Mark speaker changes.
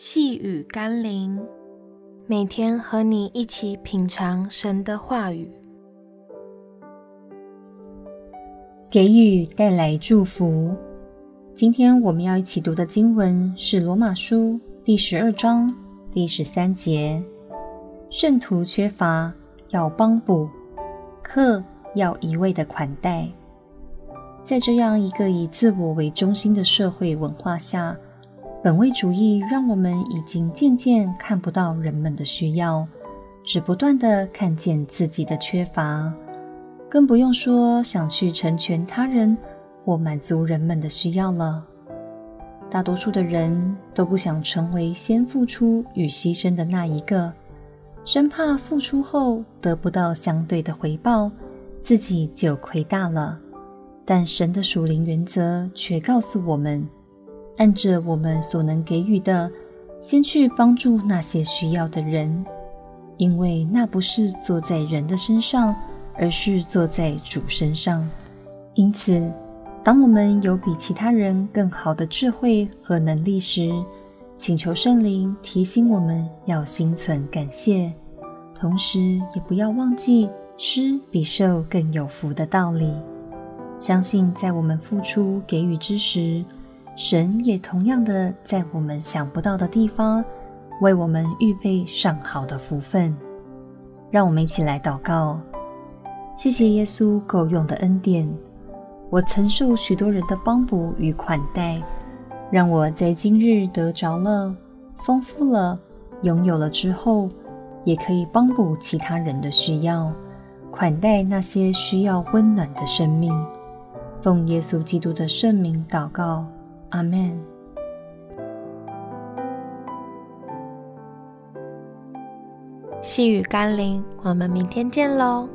Speaker 1: 細語甘霖，每天和你一起品嘗神的話語，給予帶來祝福。今天我們要一起讀的經文是《羅馬書》第十二章第十三節：聖徒缺乏要幫補，客要一味的款待。在這樣一個以自我為中心的社會文化下。本位主義讓我們已經漸漸看不到人們的需要，只不斷地看見自己的缺乏，更不用說想去成全他人或滿足人們的需要了。大多數的人都不想成為先付出與犧牲的那一個，生怕付出後得不到相對的回報，自己就虧大了。但神的屬靈原則却告訴我們。按着我們所能給予的，先去幫助那些需要的人，因為那不是做在人的身上，而是做在主身上。因此，當我們有比其他人更好的智慧和能力時，請求聖靈提醒我們要心存感謝，同時也不要忘記施比受更有福的道理。相信在我們付出給予之時。神也同樣的在我們想不到的地方，為我們預備上好的福分。讓我們一起來禱告：謝謝耶穌夠用的恩典。我曾受許多人的幫補與款待，讓我在今日得着了、豐富了、擁有了之後，也可以幫補其他人的需要，款待那些需要溫暖的生命。奉耶穌基督的聖名禱告。阿門。Amen 細語甘霖，我們明天見嘍。